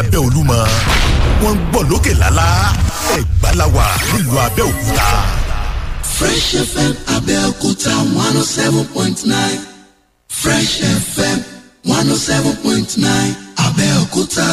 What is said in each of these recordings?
lábẹ́ olúmọ wọ́n ń gbọ́ lókè lálá Ẹ̀gbá nílùú Abẹ́òkúta. Fresh FM Abẹ́òkúta one oh seven point nine Fresh FM one oh seven point nine Abẹ́òkúta.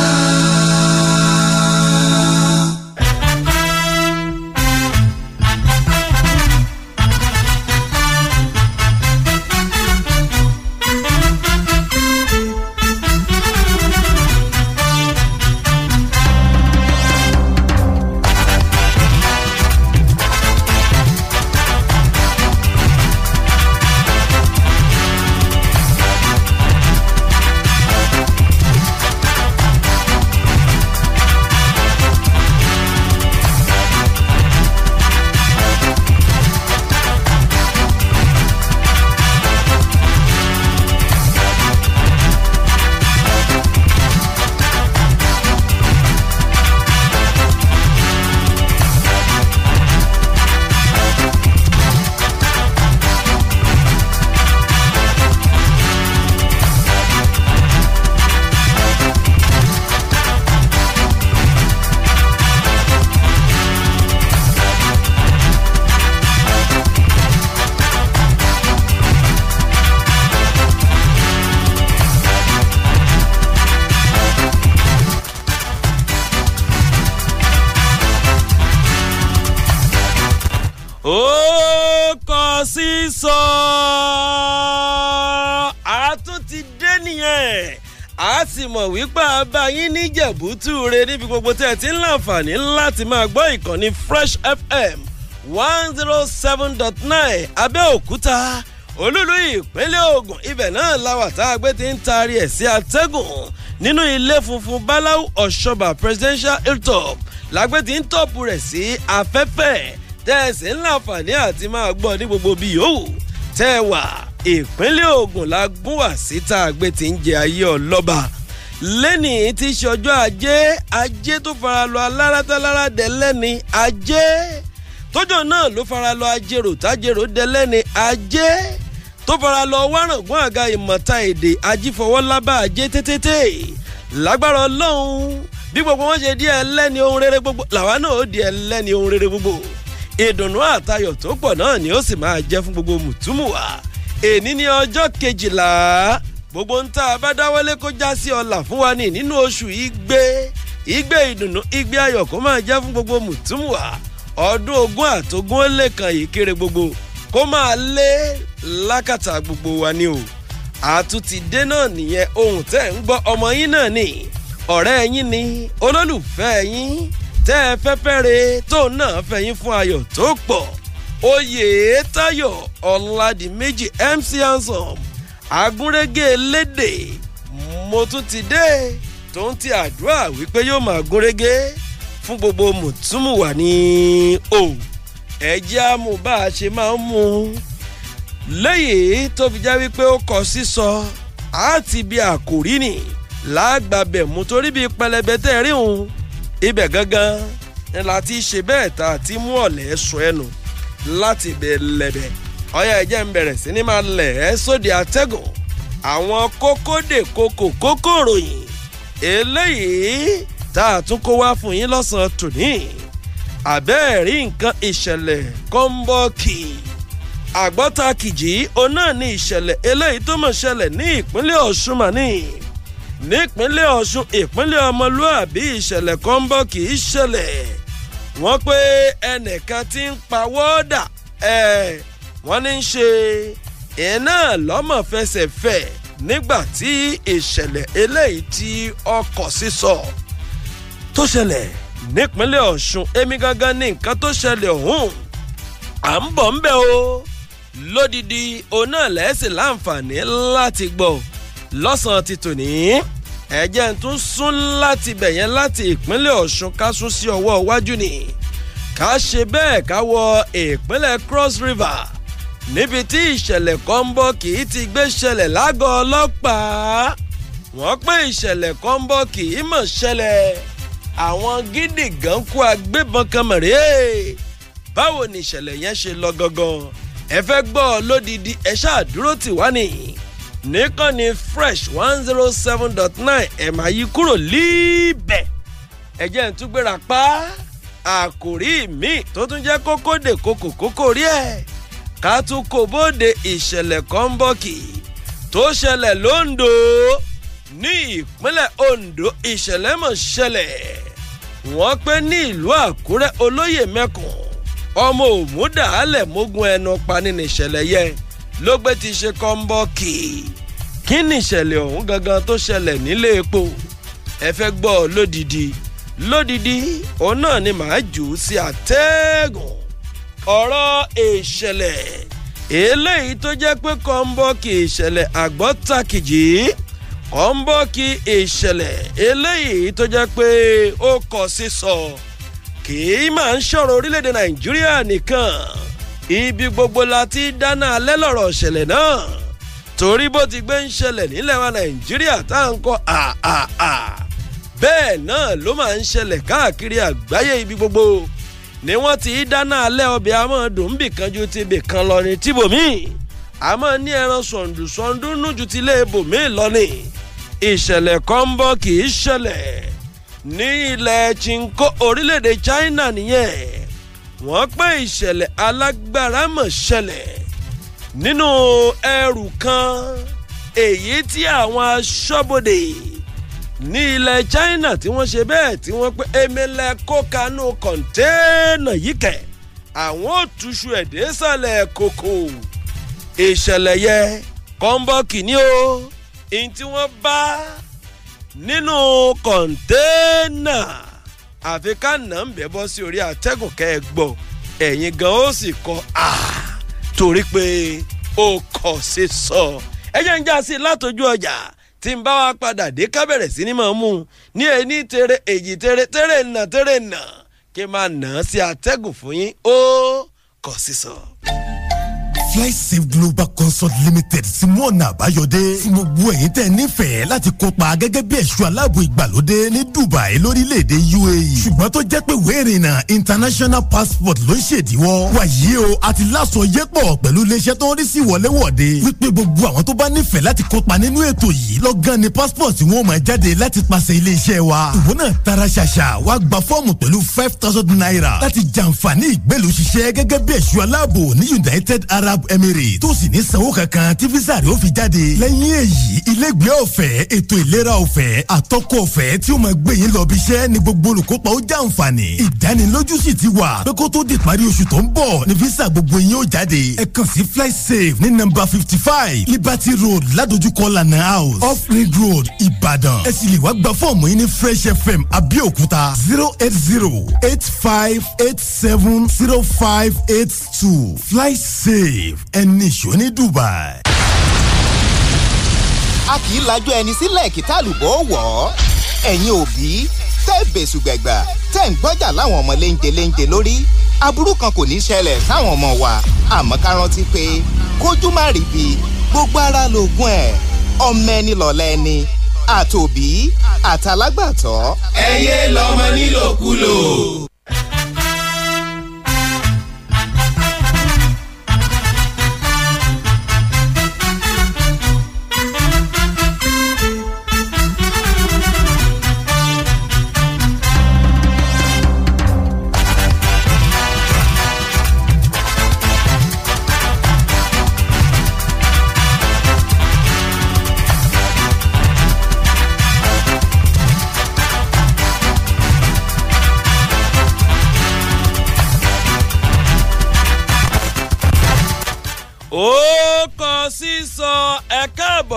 gbogbo tẹ́ ẹ ti ń láǹfààní láti máa gbọ́ ìkànnì Fresh FM one zero oh seven dot nine Abẹ́òkúta olúlu ìpínlẹ̀ Ògùn ibẹ̀ náà làwà tá a gbé ti ń taari ẹ̀ sí atẹ́gùn nínú ilé funfun Báláú Ọ̀ṣọ́bà presidential hilltop làgbé ti ń tọ́pù rẹ̀ sí afẹ́fẹ́ tẹ́ ẹ sì ń láǹfààní àti máa gbọ́ ní gbogbo bíi yòówù tẹ́ ẹ wà ìpínlẹ̀ Ògùn la gún wá síta àgbẹ̀ tí ń jẹ ayé ọlọ́ba lẹ́nì tí í ṣe ọjọ́ ajé ajé tó fara lọ alárátálára dẹ lẹ́ni ajé tọ́jọ́ náà ló fara lọ ajérò tájérò dẹ lẹ́ni ajé tó fara lọ wárangún àga ìmọ̀ta èdè ajífọwọ́lábà ajé tètètè lágbára ọlọ́run bí gbogbo wọn ṣe di ẹlẹ́ni ohun rere gbogbo làwa náà ó di ẹlẹ́ni ohun rere gbogbo ìdùnnú àtayọ̀ tó pọ̀ náà ni ó sì máa jẹ́ fún gbogbo mùtúmùwà èní ní ọjọ́ kejìlá gbogbo ń tá a bá dáwọ́lé kó já sí ọlà fún wa ní nínú oṣù igbe igbe ìdùnnú igbe ayọ̀ kó máa jẹ́ fún gbogbo mùtúmùwà ọdún ogún àtogún ó lè kàn yìí kéré gbogbo kó máa lé lákàtà gbogbo wa ni o àtúntìdé náà nìyẹn ohun tẹ́ ń gbọ́ ọmọ yín náà ni ọ̀rẹ́ yín ni olólùfẹ́ yín tẹ́ ẹ fẹ́fẹ́ re tóun náà fẹ́ yín fún ayọ̀ tó pọ̀ oyè tayo ọ̀làdìmẹ́jì mc handsome agúnrégé elédè mo tún ti dé tó ń ti àdúrà wípé yóò máa gúnrégé fún gbogbo mùtúmùwà ní o ẹ̀jẹ̀ á mú bá a ṣe máa ń mú un lẹ́yìn tó fi já wípé ó kọ sísọ àti bí àkòrí nì lágbàbẹ̀ mú torí bíi pẹlẹbẹ tẹ́ rí òun ibẹ̀ gangan ni láti ṣe bẹ́ẹ̀ tá ti mú ọ̀lẹ́ sọ ẹnu láti bẹ̀ lẹ́bẹ̀ẹ́ ọyá ẹ̀jẹ̀ ń bẹ̀rẹ̀ sí ni máa lẹ̀ ẹ́ sóde àtẹ́gùn àwọn kókódè kòkò kókó ròyìn eléyìí tá a tún kó wá fún yín lọ́sàn-án tòní àbẹ́ẹ̀rí nǹkan ìṣẹ̀lẹ̀ kọ́ńbọ́ọ̀kì àgbọ́ta kìjì òun náà ni ìṣẹ̀lẹ̀ eléyìí tó mọ̀ ṣẹlẹ̀ ní ìpínlẹ̀ ọ̀ṣun màní nípínlẹ̀ ọ̀ṣun ìpínlẹ̀ ọmọlúàbí ìṣẹ̀lẹ̀ kọ́ńbọ́ọ̀kì ìṣẹ̀lẹ̀ wọ́n pé ẹnìkan ti ń pa wọ́ọ́dà ẹ̀ wọ́n ní í ṣe ìyẹn náà lọ́mọ̀ fẹsẹ̀ fẹ̀ nígbà tí ìṣẹ̀lẹ̀ eléyìí tí ọkọ̀ sísọ tó ṣẹlẹ̀ nípínlẹ̀ Ọ̀ṣun èmi gangan ní nǹkan tó ṣẹlẹ̀ ọ̀hún à ń bọ̀ ńbẹ̀ o lódìdí òun náà lẹ́sìn láǹfààní láti gbọ́ lọ́sàn-án ti tòní ẹ̀jẹ̀ tún sún láti bẹ̀yẹn láti ìpínlẹ̀ Ọ̀ṣun ká sún sí ọwọ́ iwájú ni ká ṣe bẹ́ẹ̀ ká wọ ìpínlẹ̀ Cross River níbi tí ìṣẹ̀lẹ̀ kan ń bọ̀ kì í ti gbé ṣẹlẹ̀ lágọ̀ọ́ ọlọ́pàá wọ́n pé ìṣẹ̀lẹ̀ kan ń bọ̀ kì í mọ̀ ṣẹlẹ̀ àwọn gidi gan kú agbébọn kan mọ̀rẹ́ báwo ni ìṣẹ̀lẹ̀ yẹn ṣe lọ gangan ẹ fẹ́ gbọ́ lódìdí ẹ ṣáà dúró tì wá nìyí nìkan fresh one zero oh seven dot nine ẹ̀ máa yí kúrò líbẹ̀ ẹ̀jẹ̀ ń tún gbéra pa àkòrí míì tó tún jẹ́ kókó dè kókò rí ẹ̀ ká tún kò bóde ìṣẹ̀lẹ̀ kan bọ̀ kì tó ṣẹlẹ̀ londo ní ìpínlẹ̀ Ondo ìṣẹ̀lẹ̀ mọ̀ ṣẹlẹ̀ wọ́n pé ní ìlú Àkúrẹ́ olóyè mẹ́kàn ọmọ òmùdàálẹ̀ mógún ẹnu pani níṣẹ̀lẹ̀ yẹn ló gbé ti ṣe kọ́ńbọ́ọ̀kì kí ni ìṣẹ̀lẹ̀ ọ̀hún gangan tó ṣẹlẹ̀ nílé epo ẹ fẹ́ gbọ́ lódìdí lódìdí òun náà ni màá jù ú sí àtẹ́gùn ọ̀rọ̀ ìṣẹ̀lẹ̀ eléyìí tó jẹ́ pé kọ́ńbọ́ọ̀kì ìṣẹ̀lẹ̀ àgbọ́tàkìjì kọ́ńbọ́ọ̀kì ìṣẹ̀lẹ̀ eléyìí tó jẹ́ pé ó kọ̀ sísọ kì í máa ń ṣọ̀rọ̀ orílẹ̀-èdè nàìjíríà nìkan ibi gbogbo la ti dáná alẹ́ lọ̀rọ̀ ìṣẹ̀lẹ̀ náà torí bó ti gbé ń ṣẹlẹ̀ nílẹ̀ wa nàìjíríà tá à ń kọ́ àà bẹ́ẹ̀ náà ló máa ń ṣẹlẹ̀ káàkiri àgbáyé ibi gbogbo ni wọ́n ti dáná alẹ́ ọbẹ̀ àmọ́ dòńbì kan ju ti ibì kan lọ ní tìbòmí àmọ́ ní ẹran sọ̀ǹdù sọ̀ǹdù nù ju ti ilé ibòmí lọ ní ìṣẹ̀lẹ̀ kan ń bọ̀ kì í ṣẹlẹ̀ ní ilẹ̀ chinko orílẹ̀-èdè China nìyẹn wọ́n pé ìṣẹ̀lẹ̀ alágbára mọ̀ ṣẹlẹ̀ nínú ẹrù kan èyí tí àwọn aṣọ́bodè ní ilẹ̀ China tí wọ́n ṣe bẹ́ẹ̀ tí wọ́n pé emele kókanú kọ̀ńtéènà yìí kẹ̀ àwọn ò túṣu ẹ̀dẹ́ sàlẹ̀ kòkò ìṣẹ̀lẹ̀ yẹ kọ́ńbọ́ọ̀kì ni ó ní tí wọ́n bá nínú kọ̀ńtéènà àfi ká nà ń bẹ̀ bọ́ sí orí àtẹ́gùn kẹ́ ẹ gbọ́ ẹ̀yin gan ó sì kọ à torí pé ó kọ̀ sí sọ ẹ jẹ́ ń já sí i látọjú ọjà tí n bá wa padà dé ká bẹ̀rẹ̀ sí ni mọ̀ mú un ní ẹni tere èyí tere tere nà tere nà kí n máa nà á sí atẹ́gùn fún yín ó kọ̀ sísọ safe global consult limited ti mú ọ̀nà àbáyọdé tí gbogbo ẹ̀yin tẹ́ nífẹ̀ẹ́ láti kópa gẹ́gẹ́ bí ẹ̀ṣọ́ aláàbò ìgbàlódé ní Dubai lórílẹ̀‐èdè UAE ṣùgbọ́n tó jẹ́ pé wéèrìnà international passport ló ń ṣèdíwọ́ wàyí o àti láṣọ yẹ́pọ̀ pẹ̀lú iléeṣẹ́ tó ń rí sí wọléwọ̀de wípé gbogbo àwọn tó bá nífẹ̀ẹ́ láti kópa nínú ètò yìí lọ́gán ni passport wọn máa jáde láti pàṣẹ iléeṣẹ́ wa ìwọ náà tara ṣàṣà wá gba fọ́ọ̀mù pẹ̀lú five thousand naira láti jàǹfààní ìgbélùṣiṣẹ́ gẹ́gẹ́ bí ẹ̀ṣọ́ aláàbò ní United Arab emirates tó sì ní sanwó kankan tí visa rẹ̀ ó fi jáde lẹ́yìn èyí ilégbèé ọ̀fẹ́ ètò ìlera ọ̀fẹ́ àtọ́kọ̀ ọ̀fẹ́ tí ó máa gbé yín lọ bí iṣẹ́ ni gbogbo olùkópa ó jàǹfààní ìdánilójú sì ti wà pé kó tó di ìparí oṣù tó ń bọ̀ ni visa gbogbo yín ó jáde ẹ kàn sí flysafe ní nọ́mbà fifty five liberty road ládojúkọ lana house off ring road ìbàdàn ẹ sì lè wá gba fọ́ọ̀mù yín ní fresh fm abẹ́òkúta zero eight zero eight five eight seven zero five eight two flysafe ẹni ìṣó ní Dubai. a kì í lajọ ẹni sílẹ̀ kí tálùbọ̀ wọ̀ ọ́ ẹ̀yin òbí tẹ́ bẹ̀sùgbẹ̀gbà tẹ́ ń gbọ́jà láwọn ọmọ léńjẹ léńjẹ lórí aburú kan kò ní ṣẹlẹ̀ sáwọn ọmọ wa àmọ́ ká rántí pé kójú má rí bi gbogbo ara lóògùn ẹ̀ ọmọ ẹni lọ̀la ẹni àtòbí àtàlágbàtọ́. ẹ lọmọ nílòkulò.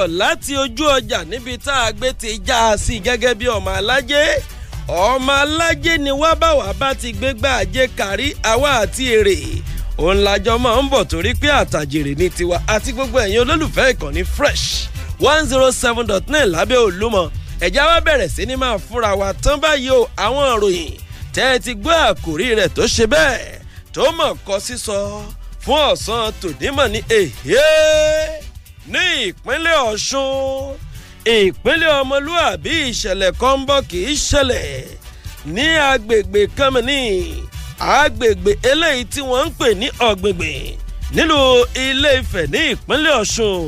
ọkọ̀ láti ojú ọjà níbi tá a gbé ti já a sí gẹ́gẹ́ bí ọmọ alájẹ ọmọ alájẹ ni wá bá wà bá ti gbé gbà kárí àwa àti èrè òun làjọ máa ń bọ̀ torí pé àtàjèrè ní tiwa àti gbogbo ẹ̀yin olólùfẹ́ ìkànnì fresh one zero seven dot nine lábẹ́ olúmọ ẹ̀já wa bẹ̀rẹ̀ sí ni máa fúnra wa tán báyìí o àwọn ìròyìn tẹ́ ẹ ti gbọ́ àkòrí rẹ̀ tó ṣe bẹ́ẹ̀ tó mọ̀ kọ sísọ fún ọ̀sán tòdímọ̀ ní èhé ní ìpínlẹ̀ ọ̀ṣun ìpínlẹ̀ ọmọlúàbí ìṣẹ̀lẹ̀ kan bọ́ kì í ṣẹlẹ̀ ní agbègbè kánmínì agbègbè eléyìí tí wọ́n ń pè ní ọ̀gbègbè nílùú ilé ifẹ̀ ní ìpínlẹ̀ ọ̀ṣun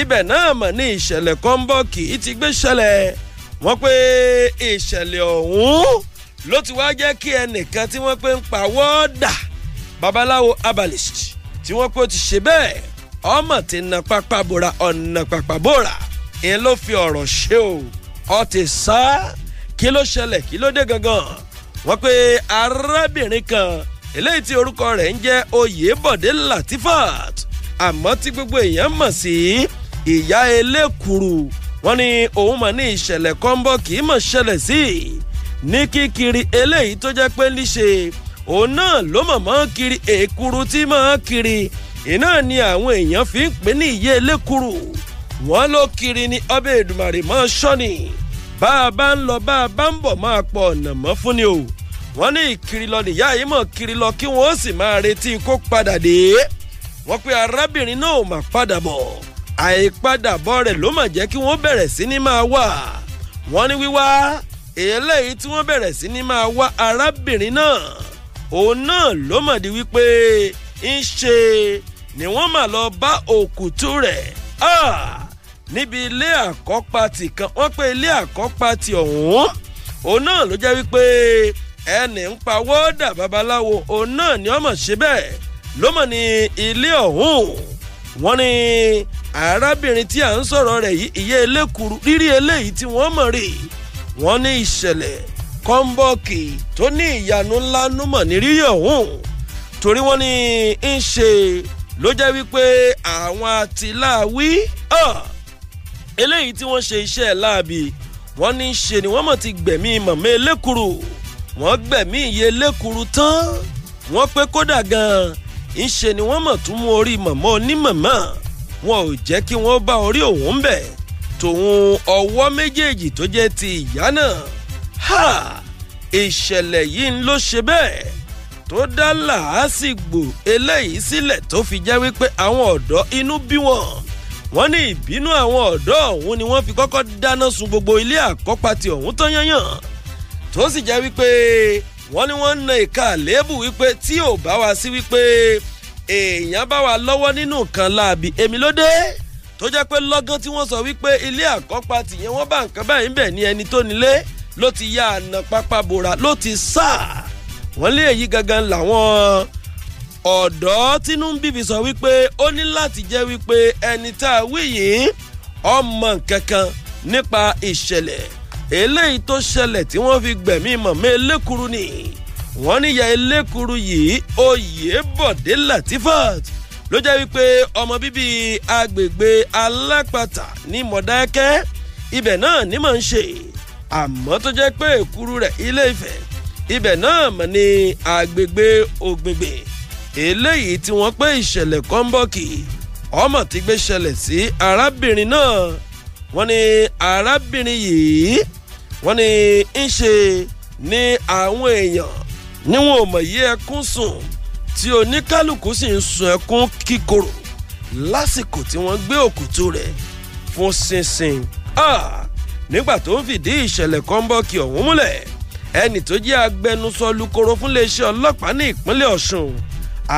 ibẹ̀ náà mà ní ìṣẹ̀lẹ̀ kan bọ́ kì í ti gbé ṣẹlẹ̀ wọ́n pé ìṣẹ̀lẹ̀ ọ̀hún ló ti wá jẹ́ kí ẹnìkan tí wọ́n pé ń pa wọ́ọ́dà babaláwo abalist tí wọ́n pé ó ti ṣe bẹ́ẹ̀ ọmọ ti na pápá bora ọ̀nà pápá bora ìyẹn ló fi ọ̀rọ̀ ṣe o ọ ti sá kí ló ṣẹlẹ̀ kí ló dé gangan wọ́n pe arábìnrin kan eléyìí tí orúkọ rẹ̀ ń jẹ́ oyèbọ̀dé latifat àmọ́ tí gbogbo èèyàn mọ̀ sí ìyá elékuru wọ́n ní òun mọ̀ ní ìṣẹ̀lẹ̀ kọ́ńbọ̀ kì í mọ̀ ṣẹlẹ̀ sí ní kíkiri eléyìí tó jẹ́ pé níṣe òun náà ló mọ̀ mọ́ kiri èkuru tí mọ̀ kiri iná ni àwọn èèyàn fi ń pè ní ìyé elékuru wọn ló kiri ni ọbẹ̀ èdùmàrè mọ́ sọ́ni bá a bá ń lọ bá a bá ń bọ̀ máa pọ̀ ọ̀nà mọ́ fún ni o wọ́n ní ìkiri lọ nìyá yìí mọ̀ kiri lọ kí wọ́n ó sì máa retí kó padà dé wọ́n pe arábìnrin náà mà padà bọ̀ àìpadàbọ̀ rẹ̀ ló mà jẹ́ kí wọ́n bẹ̀rẹ̀ sí ní máa wà wọ́n ní wíwá eléyìí tí wọ́n bẹ̀rẹ̀ sí ní máa wá arábìnrin náà òun náà ló mà di wípé ń ṣe ni wọ́n mà lọ bá òkùtù rẹ̀ ah, níbi ilé àkọ́pàtì kan wọ́n pé ilé àkọ́pàtì ọ̀hún òun náà ló jẹ́ wípé ẹnì ń pa wọ́ọ́dà babaláwo òun náà ni ọmọ ṣe bẹ́ẹ̀ ló mọ̀ ní ilé ọ̀hún wọ́n ní arábìnrin tí à ń sọ̀rọ̀ rẹ̀ yìí ìyá elékuru rírí eléyìí tí wọ́n mọ̀ rí wọ́n ní ìṣẹ̀lẹ̀ kọ́ńbọ́ọ̀kì tó ní ìyanu ńlá ló mọ̀ ní rírí ọ̀hún torí wọ́n ní ń ṣe ló jẹ́ wípé àwọn àtìláàwí eléyìí tí wọ́n ṣe iṣẹ́ láàbì wọ́n ní ṣe ni wọ́n mọ̀ ti gbẹ̀mí mọ̀mọ́ elékuru wọ́n gbẹ̀mí iye elékuru tán wọ́n pé kódà gan-an ńṣe ni wọ́n mọ̀ tún mú orí mọ̀mọ́ onímọ̀mọ́ wọn ò jẹ́ kí wọ́n bá orí òun bẹ̀ tòun ọwọ́ méjèèjì tó jẹ́ ti ìyá náà ìṣẹ̀lẹ̀ yìí ló ṣe bẹ́ẹ̀ tó dá làásìgbò eléyìí sílẹ̀ tó fi jẹ́ wípé àwọn ọ̀dọ́ inú bí wọn wọ́n ní ìbínú àwọn ọ̀dọ́ ọ̀hún ni wọ́n fi kọ́kọ́ dáná sun gbogbo ilé àkọ́pá ọ̀hún tán yányàn tó sì jẹ́ wípé wọ́n ní wọ́n na ìka àléébù wípé tí ò bá wa sí wípé èèyàn bá wa lọ́wọ́ nínú nǹkan láàbì èmi ló dé tó jẹ́ pé lọ́gán tí wọ́n sọ wípé ilé àkọ́pá tìyẹn wọ́n bá nǹkan báyìí bẹ̀ ní ẹni tó nílé ló ti yá àná pápá bòrà ló ti sáà wọ́n lé èyí gangan làwọn ọ̀dọ́ tínú ń bíbi sọ wípé ó ní láti jẹ́ wípé ẹni tá a wí yìí ọmọ kankan nípa ìṣẹ̀lẹ̀ eléyìí tó ṣẹlẹ̀ tí wọ́n fi gbẹ̀mí mọ̀mọ́ elékuru ni wọ́n níyà elékuru yìí Oyèbọ̀dé Latifat ló jẹ́ wípé ọmọ bíbí agbègbè alápàtà ní Mọ̀dákẹ́ ibẹ̀ náà ni mò ń ṣe àmọ́ tó jẹ́ pé èkuru rẹ̀ Ilé Ifẹ̀ ibẹ̀ náà mọ̀ ní agbègbè ògbègbè eléyìí tí wọ́n pé ìṣẹ̀lẹ̀ kọ́ńbọ̀kì ọmọ ti gbé ṣẹlẹ̀ sí arábìnrin náà wọ́n ní arábìnrin yìí wọ́n ní ń ṣe ní àwọn èèyàn níwọ̀n ò mọ̀ yí ẹkún sùn tí oníkálukú sì ń sun ẹkún kíkorò lásìkò tí wọ́n gbé òkútù rẹ̀ fún sínsìn nígbà tó ń fìdí ìṣẹ̀lẹ̀ kọ́ńbọ̀kì ọ̀hún múlẹ̀ ẹnì tó jẹ́ agbẹnusọ lukoro fúnléeṣẹ́ ọlọ́pàá ní ìpínlẹ̀ ọ̀ṣun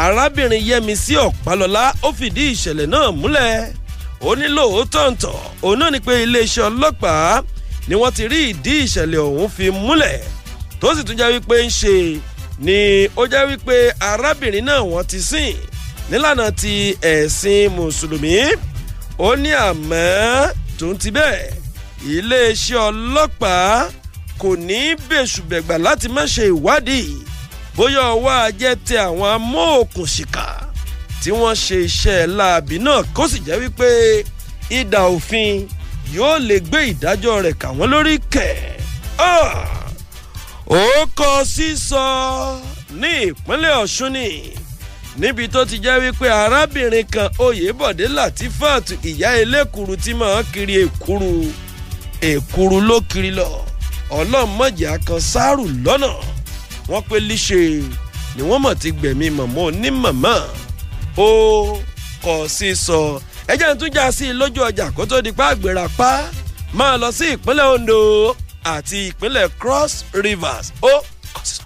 arábìnrin yẹmísí ọ̀pálọ́lá ó fìdí ìṣẹ̀lẹ̀ náà múlẹ̀ ó ní lóòótọ́ ǹtọ̀ òun náà ni pé iléeṣẹ́ ọlọ́pàá ni wọ́n ti rí ìdí ìṣẹ̀lẹ̀ ọ̀hún fi múlẹ̀ tó sì tún jẹ́ wípé ń ṣe ni ó jẹ́ wípé arábìnrin náà wọ́n ti sìn nílànà ti ẹ̀sìn mùsùlùmí ó ní àmọ́ tó ń ti bẹ́ẹ̀ iléeṣẹ́ ọlọ́pàá kò ní í bẹ̀sùbẹ̀gbà láti má ṣe ìwádìí bóyá ọwọ́ ajé tẹ àwọn amóòkùnṣìkà tí wọ́n ṣe iṣẹ́ láabi náà kó sì jẹ́ wípé ìdà òfin yóò lè gbé ìdájọ́ rẹ̀ kà wọ́n lórí kẹ̀. ó ah! kọ sísọ ní ìpínlẹ̀ ọ̀ṣun ni níbi tó ti jẹ́ wípé arábìnrin kan oyèbọ̀dé latifat ìyá elékuru tí máa ń kiri èkuru èkuru ló kiri lọ ọlọ́mọjà kan sáárù lọ́nà wọ́n pé líṣe ni wọ́n mọ̀ ti gbẹ̀mí mọ̀mọ́ onímọ̀mọ́ ó kọ̀ sí sọ ẹjẹ́ ń tún já sí i lójú ọjà kó tó di pa àgbèrà pa máa lọ sí ìpínlẹ̀ Ondo àti ìpínlẹ̀ Cross Rivers ó kọ̀ sí sọ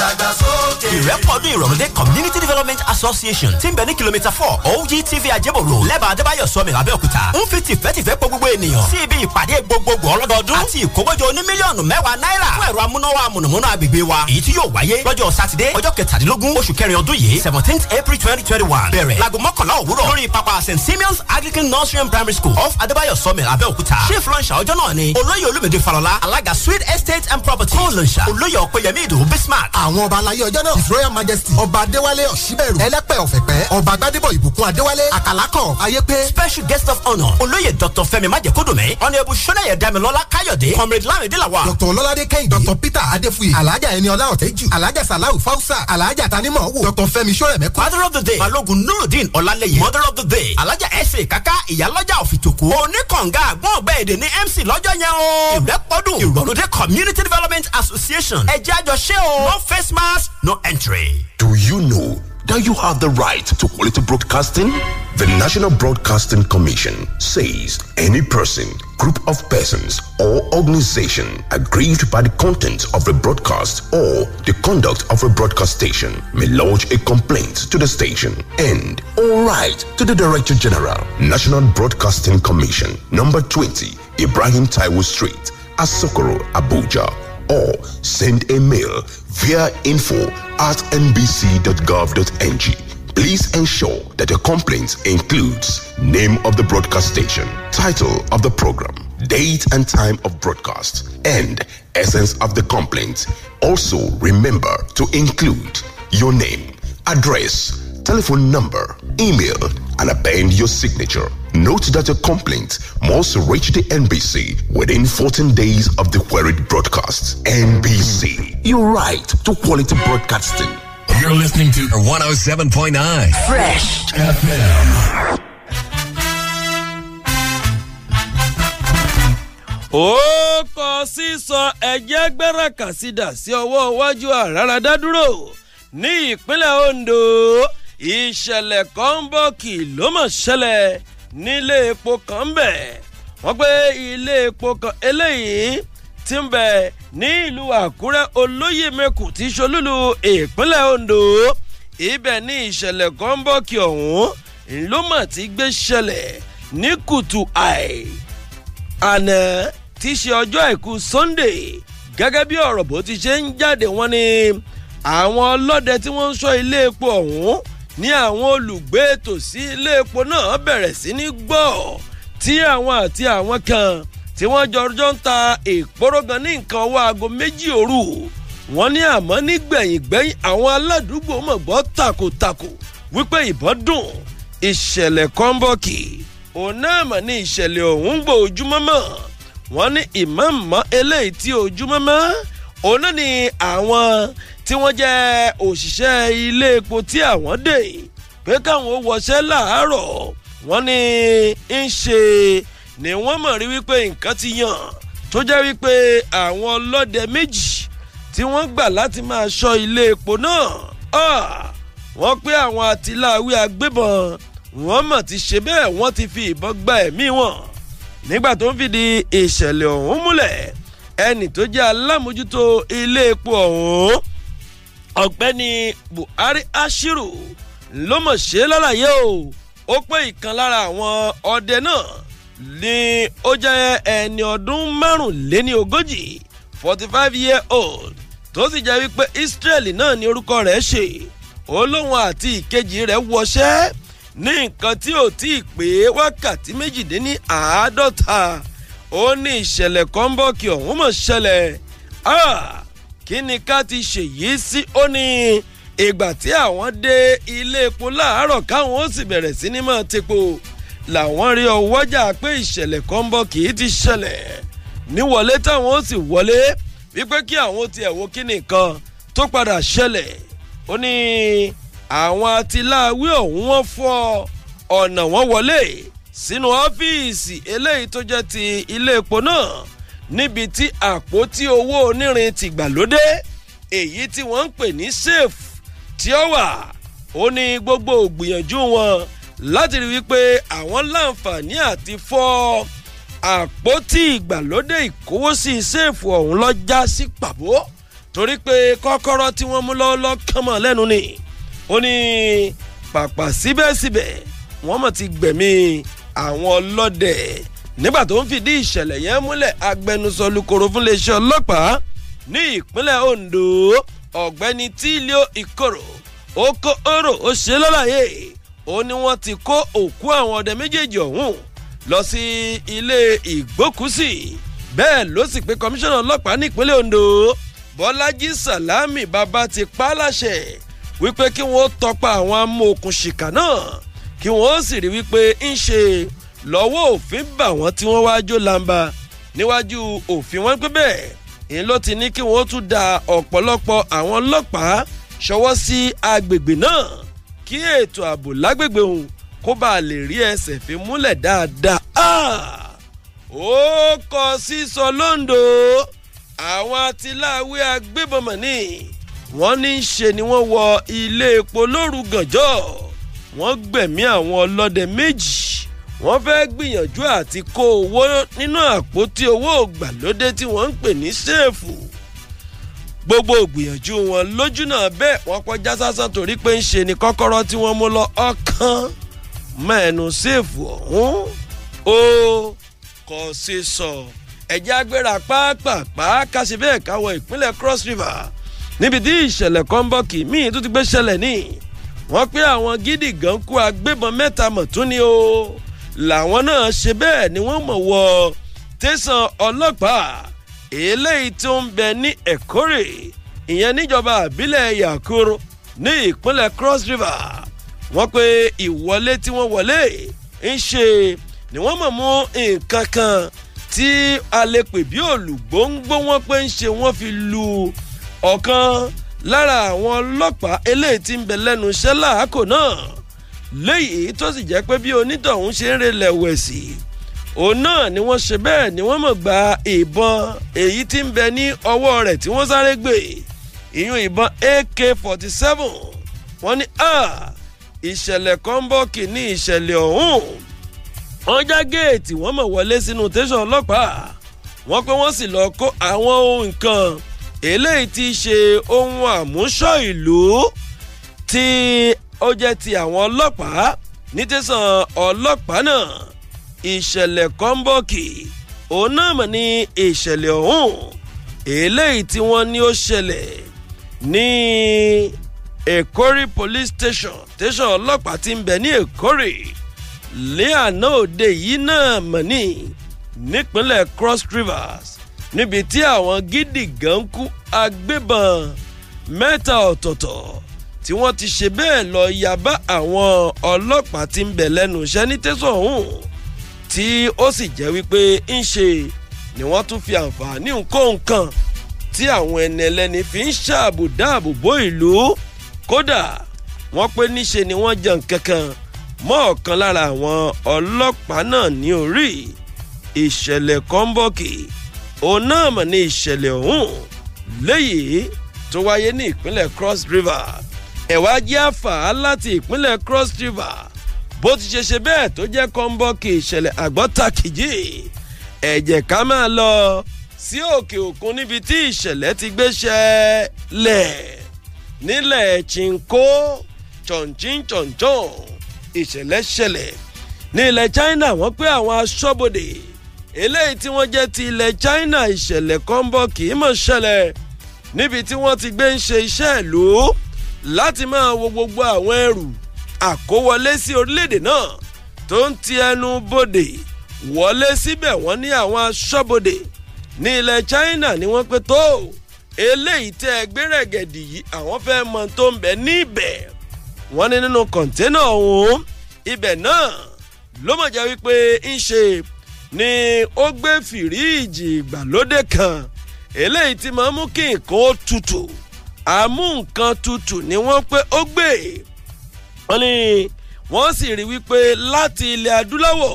ìdàgbàsókè. ìrẹ́pọ̀dún ìrọ̀rùndé community development association ti ń bẹ ní kìlómítà four OGTV ajébòrò lẹ́bàá adébáyọ̀ sọmi abẹ́òkúta ń fi tìfẹ́tìfẹ́ pọ̀ gbogbo ènìyàn sí ibi ìpàdé gbogbogbò ọlọ́dọọdún àti ìkówójọ oní mílíọ̀nù mẹ́wàá náírà fún ẹ̀rọ amúnáwá amùnàmúnà agbègbè wa èyí tí yóò wáyé lọ́jọ́ sátidé ọjọ́ kẹtàdínlógún oṣù kẹrin ọdún yìí seventeenth april twenty twenty one bẹ̀rẹ̀ láago mọ́kànlá òwúrọ̀ lórí Papa st simeon's anglican nursery and primary school off adébáyọ̀ sọmi abẹ́òkúta chief lọ́nṣà ọjọ́ náà ni olóyè olúmọdé falọlá alága sweet estate and property kóòlù lọ́nṣà olóyè ọ̀pẹ̀yẹmí ìdòwú bismarck àwọn àwọn ọba alayé ọjọ́ náà his royal majesty ọba adéwálé ọ̀ṣíbẹ̀rù ẹlẹ́pẹ̀ ọ̀fẹ̀pẹ́ ọba gbadébọ̀ ìbùkún adéwálé àkàlákọ̀ ayépé. special guest of honour olóyè dr fẹ́mi májèkódùmẹ́ honourable sọlẹyẹ damilọla káyọ̀dé comrade lamidi lawa. dr ọlọ́ládé kẹ́hìndé dr peter adéfúyè alhaja ẹniọlá ọ̀tẹ́jù alhaja salau fausa alhaja tanimọ̀ wò dr fẹ́mi sọ̀rẹ̀mẹ́kọ. father of the day balogun nurudeen mother of the day alhaja ẹsẹ̀ kaka ìyálọ́jà òfìtòkó oníkànga àgbọ̀n ọ̀gbẹ́ èdè ní mc lọ́jọ́ yẹn o. ìrẹ́pọ̀dùn ìrọ̀lódé community development association ẹ̀jẹ̀ àjọṣe Christmas, no entry. Do you know that you have the right to quality broadcasting? The National Broadcasting Commission says any person, group of persons, or organization aggrieved by the content of a broadcast or the conduct of a broadcast station may lodge a complaint to the station and all right to the Director General, National Broadcasting Commission, number 20, Ibrahim Taiwo Street, Asokoro, Abuja or send a mail via info at nbc.gov.ng. Please ensure that your complaint includes name of the broadcast station, title of the program, date and time of broadcast, and essence of the complaint. Also remember to include your name, address, telephone number, email, and append your signature. Note that your complaint must reach the NBC within 14 days of the queried broadcast. NBC, your right to quality broadcasting. You're listening to 107.9 Fresh FM. ó sísọ ẹ̀jẹ̀ kàsídà sí ọwọ́ iwájú dúró ní ìpínlẹ̀ ondo. ìṣẹ̀lẹ̀ kan ń bọ̀ kì ló mọ̀ ṣẹlẹ̀ nílé epo kan ń bẹ̀ wọ́n pé ilé epo kan eléyìí ti ń bẹ̀ ní ìlú àkúrẹ́ olóyè mẹ́kù tí ṣolúlu ìpínlẹ̀ ondo ibẹ̀ ní ìṣẹ̀lẹ̀ kan ń bọ̀ kì ọ̀hún ló mọ̀ tí gbé ṣẹlẹ̀ ní kùtù àì àná tí ṣe ọjọ́ àìkú sunday gẹ́gẹ́ bí ọ̀rọ̀ bó ti ṣe ń jáde wọ́n ní àwọn ọlọ́dẹ tí wọ́n ń sọ ilé epo ọ̀hún Ni àwọn olùgbé tòsí ilé epo náà bẹ̀rẹ̀ sí ní gbọ́ tí àwọn àti àwọn kan tí wọ́n jọjọ́ ń ta èkpóró gan ní nǹkan ọwọ́ aago méjì òru wọ́n ní àmọ́ nígbẹ̀yìngbẹ̀yìn àwọn aládùúgbò mọ̀ gbọ́ takòtakò wípé ìbọn dùn ìṣẹ̀lẹ̀ kọ́ńbọ̀kì òun náà mọ̀ ní ìṣẹ̀lẹ̀ ọ̀hún gbò ojúmọ́mọ́ wọ́n ní ìmọ̀ọ́mọ́ eléyìí tí ojúmọ́mọ́ òun náà ni àwọn tí wọ́n jẹ́ òṣìṣẹ́ ilé epo tí àwọn dè pé káwọn ó wọṣẹ́ láàárọ̀ wọ́n ní ń ṣe ni wọ́n mọ̀ rí wípé nǹkan ti yàn tó jẹ́ wípé àwọn ọlọ́dẹ méjì tí wọ́n gbà láti máa ṣọ́ ilé epo náà wọ́n pé àwọn àtìláwí agbébọn wọ́n mọ̀ ti ṣe bẹ́ẹ̀ wọ́n ti fi ìbọn gba ẹ̀mí wọn nígbà tó ń fìdí ìṣẹ̀lẹ̀ ọ̀hún múlẹ̀ ẹnì tó jẹ́ alámòjútó ilé epo ọ̀hún ọ̀gbẹ́ni Buhari Ashiru ló mọ̀ ṣe lálàyé o ó pé ìkan lára àwọn ọdẹ náà ni ó jẹ́ ẹni ọdún márùnléní ogójì forty five year old tó sì jẹ́ wípé Israeli náà ni orúkọ rẹ̀ ṣe olóhùn àti ìkejì rẹ̀ wọṣẹ́ ní nǹkan tí ò tí ì pé wákàtí méjìdínní àádọ́ta ó ní ìṣẹ̀lẹ̀ kan bọ́ọ̀kì ọ̀hún mọ̀ ṣẹlẹ̀ ah kí ni ká ti ṣèyí sí ó ní ìgbà tí àwọn dé ilé epo láàárọ̀ káwọn ó sì bẹ̀rẹ̀ sí ní máa tepo làwọn rí ọwọ́jà pé ìṣẹ̀lẹ̀ kan bọ̀ kì í ti ṣẹlẹ̀ níwọlé táwọn ó sì wọlé wípé kí àwọn ó tiẹ̀ wo kí nìkan tó padà ṣẹlẹ̀ ó ní àwọn atiláwí ọ̀hún wọn fọ ọ̀nà wọn wọlé sínú ọ́fíìsì eléyìí tó jẹ́ ti ilé epo náà níbi tí àpótí owó onírin tìgbàlódé èyí tí wọ́n ń pè ní safe tí ó wà ó ní gbogbo ògbìyànjú wọn láti rí wípé àwọn láǹfààní àti fọ́ àpótí ìgbàlódé ìkówósí safe ọ̀hún lọ já sí pàbó torí pé kọ́kọ́rọ́ tí wọ́n mú lọ́wọ́lọ́ kàn mọ́ lẹ́nu ni ó ní pàpà síbẹ̀síbẹ̀ wọ́n mọ̀ ti gbẹ̀mí àwọn ọlọ́dẹ̀ nígbà tó ń fìdí ìṣẹ̀lẹ̀ yẹn múlẹ̀ agbẹnusọ olùkóró fún iléeṣẹ́ ọlọ́pàá ní ìpínlẹ̀ Ondo ọ̀gbẹ́ni tílio ìkorò ó kó ọ̀rọ̀ ó ṣe lọ́láyè ó ní wọ́n ti kó òkú àwọn ọdẹ méjèèjì ọ̀hún lọ sí ilé ìgbókùsì bẹ́ẹ̀ ló sì pé kọmíṣánná ọlọ́pàá nípínlẹ̀ Ondo Bọ́lájí Sàlámì bàbá ti pa á láṣẹ wípé kí wọ́n tọpa àwọn amòòkùnṣìkà náà kí wọ́n sì rí wípé ń ṣe lọ́wọ́ òfin bà wọ́n tí wọ́n wáá lamba níwájú òfin wọn pé bẹ́ẹ̀ èyí ló ti ní kí wọ́n tún da ọ̀pọ̀lọpọ̀ àwọn ọlọ́pàá ṣọwọ́ sí agbègbè náà kí ètò ààbò lágbègbè òun kó bá a lè rí ẹsẹ̀ fi múlẹ̀ dáadáa ó kọ sísọ londo àwọn atiláwé agbébọn mọ̀ní wọ́n ní í ṣe ni wọ́n wọ ilé epo lóru gànjọ́ wọ́n gbẹ̀mí àwọn ọlọ́dẹ méjì wọ́n fẹ́ gbìyànjú àti kó owó nínú àpótí owó ìgbàlódé tí wọ́n ń pè ní ṣéèfù gbogbo ìgbìyànjú wọn lójú náà bẹ́ẹ̀ wọ́n kọjá sásán torí pé ń ṣe ni kọ́kọ́rọ́ tí wọ́n mú lọ ọkàn mẹ́ẹ̀nù ṣéèfù ọ̀hún ó kò ṣe sọ ẹ̀jẹ̀ agbéra pàápàá kásì bẹ́ẹ̀ káwọ ìpínlẹ̀ cross river níbi tí ìṣẹ̀lẹ̀ kọ́ńbọ́ọ̀kì míì tó ti gbé ṣẹlẹ̀ ní wọ́n pé àwọn gidi gan kú agbébọn mẹ́ta mọ̀ ni o làwọn náà ṣe bẹ́ẹ̀ ni wọ́n mọ̀ wọ tẹ̀sán ọlọ́pàá eléyìí tó ń bẹ ní Ẹ̀kórè ìyẹn níjọba àbílẹ̀ Yakoro ní ìpínlẹ̀ Cross River wọ́n pe ìwọlé tí wọ́n wọlé ń ṣe ni wọ́n mọ̀ mú nǹkan kan tí a lè pè bí olùgbòǹgbò wọn pé ń ṣe wọ́n fi lu ọ̀kan lára àwọn ọlọ́pàá eléyìí tí ń bẹ lẹ́nu iṣẹ́ làákò náà léyìí tó sì jẹ́ pé bí onítọ̀hún ṣe ń relẹ̀ wẹ̀sì òun náà ni wọ́n ṣe bẹ́ẹ̀ ni wọ́n mọ̀ gba ìbọn èyí tí ń bẹ ní ọwọ́ rẹ̀ tí wọ́n sáré gbé ìyún ìbọn AK-47 wọ́n ní ìṣẹ̀lẹ̀ kan bọ́ kìíní ìṣẹ̀lẹ̀ ọ̀hún wọ́n já géètì wọ́n mọ̀ wọlé sínú tẹ̀sán ọlọ́pàá wọ́n pé wọ́n sì lọ kó àwọn ohun nǹkan eléyìí ti ṣe ohun àmúṣọ ìlú ti ó jẹ́ ti àwọn ọlọ́pàá ní tẹ̀sán ọlọ́pàá náà ìṣẹ̀lẹ̀ kọ́ńbọ̀kì òun náà mọ̀ ní ìṣẹ̀lẹ̀ ọ̀hún eléyìí tí wọ́n ní ó ṣẹlẹ̀ ní Èkórè police station tẹ̀sán ọlọ́pàá ti ń bẹ ní Èkórè lé àná òde yìí náà mọ̀ ní nípínlẹ̀ Cross Rivers níbi tí àwọn gidi gan kú agbébọn mẹ́ta ọ̀tọ̀ọ̀tọ̀ tí wọ́n ti ṣe bẹ́ẹ̀ lọ ya bá àwọn ọlọ́pàá tí ń bẹ̀ lẹ́nu iṣẹ́ ní tẹ̀sán ọ̀hún tí ó sì jẹ́ wípé ń ṣe ni wọ́n tún fi àǹfààní nǹkan tí àwọn ẹni ẹlẹ́ni fi ń ṣààbò dáàbò bo ìlú kódà wọ́n pé níṣe ni wọ́n jẹun kankan mọ́ ọ̀kan lára àwọn ọlọ́pàá náà ní orí ìṣẹ̀lẹ̀ kọ́ńbọ̀kì òun náà mọ̀ ní ìṣẹ̀lẹ̀ ọ̀hún léyìí tó wáyé ní ìpínlẹ̀ Cross River ẹ̀wá jẹ́ àfà láti ìpínlẹ̀ Cross River bó ti ṣe ṣe bẹ́ẹ̀ tó jẹ́ kọ́ńbọ́ọ̀kì ìṣẹ̀lẹ̀ àgbọ́tàkìjì ẹ̀jẹ̀ ká máa lọ sí òkè òkun níbi tí ìṣẹ̀lẹ̀ ti gbé ṣẹlẹ̀ nílẹ̀ Chinko chọ̀nchín ìṣẹ̀lẹ̀ ṣẹlẹ̀ ní ilẹ̀ China wọ́n pé àwọn aṣọ́bodè eléyìí tí wọ́n jẹ́ ti ilẹ̀ China ìṣẹ̀lẹ̀ kọ́ńbọ́ọ̀kì mọ̀ ṣẹlẹ̀ níbi tí wọ́n ti gbé ń ṣe iṣẹ́ ìlú láti máa wo gbogbo àwọn ẹrù àkówọlé sí orílẹ̀-èdè náà tó ń ti ẹnu bodè wọlé síbẹ̀ wọ́n ní àwọn aṣọ́bodè ní ilẹ̀ China ni wọ́n pé tó eléyìí tẹ́ ẹ gbé rẹ̀gẹ̀dì yìí àwọn fẹ́ mọ tó ń bẹ níbẹ̀ wọ́n ní nínú kọ̀ńténà ọ̀hún ibẹ̀ náà ló mọ̀ jẹ́ wípé ń ṣe ni ó gbé fìríìjì ìgbàlódé kan eléyìí tí máa mú kí nǹkan ó tutù àmú nǹkan tutù ni wọ́n pé ó gbé wọ́n ní wọ́n sì rí wípé láti ilẹ̀ adúláwọ̀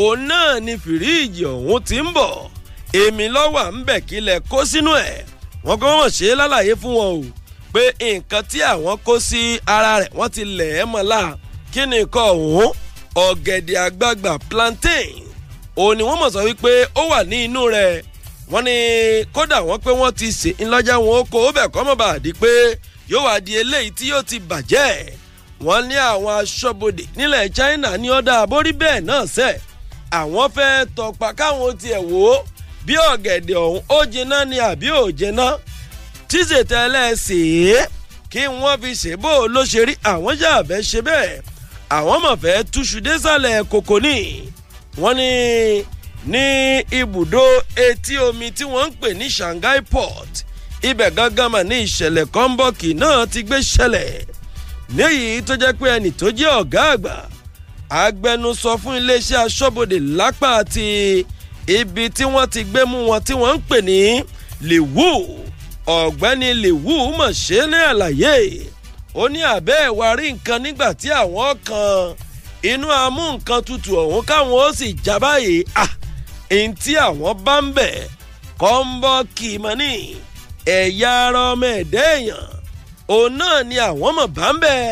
òun náà ni fìríìjì ọ̀hún ti ń bọ̀ èmi lọ́wọ́ à ń bẹ̀ kílẹ̀ kó sínú ẹ̀ wọ́n kọ́ mọ̀ ṣe lálàyé fún wọn o pé nǹkan tí àwọn kó sí ara rẹ̀ wọ́n ti lẹ̀ ẹ́ mọ́lá kí ni nǹkan ọ̀hún ọ̀gẹ̀dẹ̀ àgbagbà plantain òun ni wọ́n mọ̀ sọ wípé ó wà ní inú rẹ̀ wọ́n ní kódà wọ́n pé wọ́n ti sè ń lọ́jà wọn ó kó ó bẹ̀ kọ́ mọ̀ bá di pé yóò wá di eléyìí tí yóò ti bàjẹ́ wọ́n ní àwọn aṣọ́bodè nílẹ̀ China ní ọ̀dà àbórí bẹ́ẹ̀ náà sẹ̀ àwọn fẹ́ tọpa káwọn tiẹ̀ wò ó bí ọ̀gẹ̀dẹ̀ ọ̀hún ó jiná ni àbí ò jiná tíṣètẹ́lẹ̀ sè é kí wọ́n fi ṣe bó ló ṣe rí àwọn yàbẹ̀ ṣe bẹ́ẹ̀ àwọn mọ̀ túṣu désàlẹ̀ kòkó ní wọ́n ní. Ni ní ibùdó etí omi tí wọ́n ń pè ní Shanghai port ibẹ̀ gangan mà ní ìṣẹ̀lẹ̀ kọ́ńbọ̀kì náà ti gbé ṣẹlẹ̀ léyìí tó jẹ́ pé ẹnì tó jẹ́ ọ̀gá àgbà agbẹnusọ fún iléeṣẹ́ aṣọ́bodè lápá àti ibi tí wọ́n ti gbé mú wọn tí wọ́n ń pè ní Liwu ọ̀gbẹ́ni Liwu mọ̀ ṣe ní àlàyé ó ní àbẹ́ ẹ̀wà rí nǹkan nígbà tí àwọn kan inú amú nǹkan tutù ọ̀hún káwọn ó sì já báyìí ah ntí àwọn bá ń bẹ̀ kọ́ ń bọ́ kì í mọ́ ní ẹ̀yà ara ọmọ ẹ̀dá èèyàn òun náà ni àwọn mọ̀ bá ń bẹ̀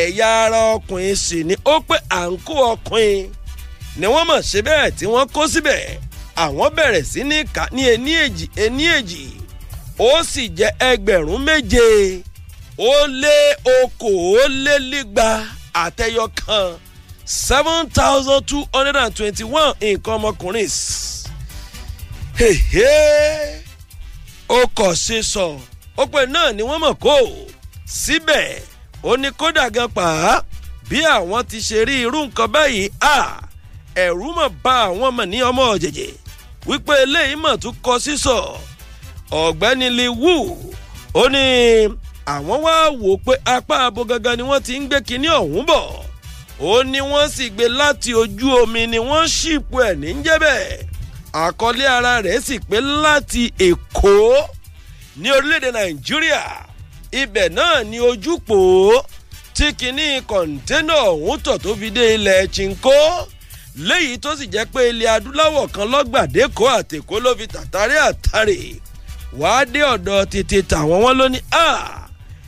ẹ̀yà ara ọkùnrin sì ni ó pé à ń kó ọkùnrin ni wọ́n mọ̀ ṣe tí wọ́n kó síbẹ̀ àwọn bẹ̀rẹ̀ sí ní kà ní ení èjì ení èjì ó sì jẹ́ ẹgbẹ̀rún méje ó lé okòó lé lígba àtẹyọ kan seven thousand two hundred and twenty-one nǹkan ọmọkùnrin ó kọ̀ ṣe sọ ó pé náà ni wọ́n mọ̀ kó síbẹ̀ ó ní kódà gan pa á bí àwọn ti ṣe rí irú nǹkan báyìí à ẹ̀rú mọ̀ bá àwọn ọmọ ní ọmọ ọ̀jẹ̀jẹ̀ wípé eléyìí mọ̀ tún kọ sísọ ọ̀gbẹ́ni lee woo ó ní àwọn wá wò ó pé apá abo gangan ni wọ́n ti ń gbé kinní ọ̀hún bọ̀ ó ní wọ́n sì gbé láti ojú omi ni wọ́n ṣìpò ẹ̀ ní jẹ́bẹ̀ àkọlé ara rẹ̀ sì pé láti èkó ní orílẹ̀-èdè nàìjíríà ibẹ̀ náà ni ojúpò tí kinní kọ̀ńténà ọ̀hún tọ̀ tó fi dé ilẹ̀ chinko léyìí tó sì jẹ́ pé ilẹ̀ adúláwọ̀ kan lọ́gbàdékò àtèkó ló fi tàtàrí àtàrí wàá dé ọ̀dọ̀ tètè tàwọn wọn lóní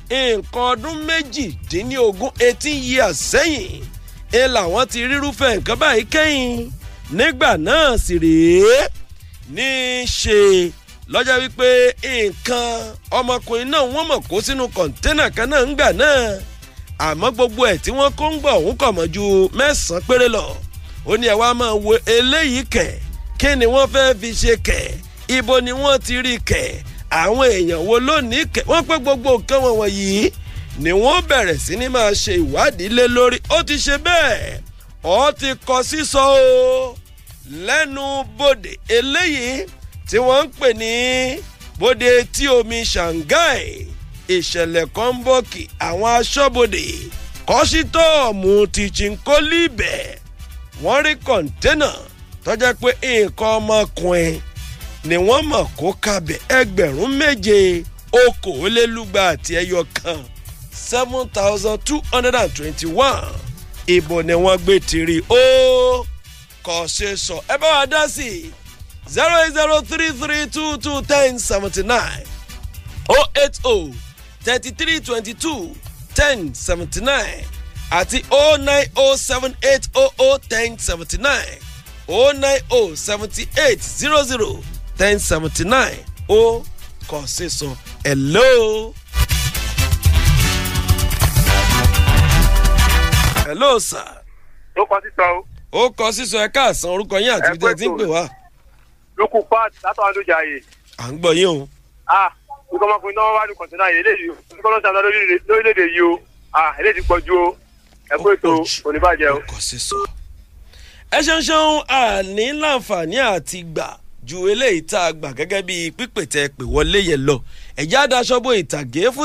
nǹkan ọdún méjìdínlógún eighteen years sẹ́yìn e làwọn ti rírúfẹ́ nǹkan báyìí kẹ́yìn nígbà náà sì rèé ní í ṣe lọ́jọ́ wípé nǹkan ọmọkùnrin náà wọ́n mọ̀ kó sínú kọ̀ńténà kan náà ńgbà náà àmọ́ gbogbo ẹ̀ tí wọ́n kó ń gbọ̀ òun kọ̀ mọ́ ju mẹ́sàn-án péré lọ ó ní ẹ wá máa wo eléyìí kẹ̀ kí ni wọ́n fẹ́ fi ṣe kẹ̀ ibo ni wọ́n ti rí kẹ̀ àwọn èèyàn wo lónìí kẹ̀ wọ́n pé gbogbo nǹkan wọ̀nyí ni wọ́n bẹ̀rẹ̀ sí ní máa ṣe ìwádìí lé lórí ó ti ṣe bẹ́ẹ̀ ó ti kọ sísọ o lẹ́nu bòde eléyìí tí wọ́n ń pè ní bòde tí omi Shanghai ìṣẹ̀lẹ̀ kan bọ́ kí àwọn aṣọ́bodè kọ́sítọ́ọ̀mù ti chinkoli bẹ̀ wọ́n rí kọ̀ńténà tọ́jà pé nǹkan ọmọkùnrin ni wọ́n mọ̀ kó kabẹ̀ ẹgbẹ̀rún méje okòólélúgba àti ẹyọ kan seven thousand two hundred and twenty-one ìbò ni wọ́n gbé tiri ó kò ṣe sọ ẹ bá wa dá sí zero eight zero three three two two ten seventy nine oh eight oh thirty three twenty two ten seventy nine àti oh nine oh seven eight oh oh ten seventy nine oh nine oh seventy eight zero zero ten seventy nine ó kò ṣe sọ hello. hello sir. ó kọ sísọ o. ó kọ sísọ ẹ káàsán orúkọ yín àti ibi tí ń pè wá. lókun pat látọ̀ àdójà yìí. à ń gbọ́ yín o. a nǹkan ọmọkùnrin náà wà ní kọ̀ǹtínà yìí eléyìí nǹkan náà ṣàtà lórílẹ̀‐èdè yìí o eléyìí pọ̀ ju o ẹ kó ètò oníbàjẹ́ o. ó kọ sísọ. ẹ ṣeun ṣeun àní láǹfààní àti gbà ju eléyìí tá a gbà gẹ́gẹ́ bíi pípètè pè wọlé yẹn lọ ẹ̀já daṣọ́bọ̀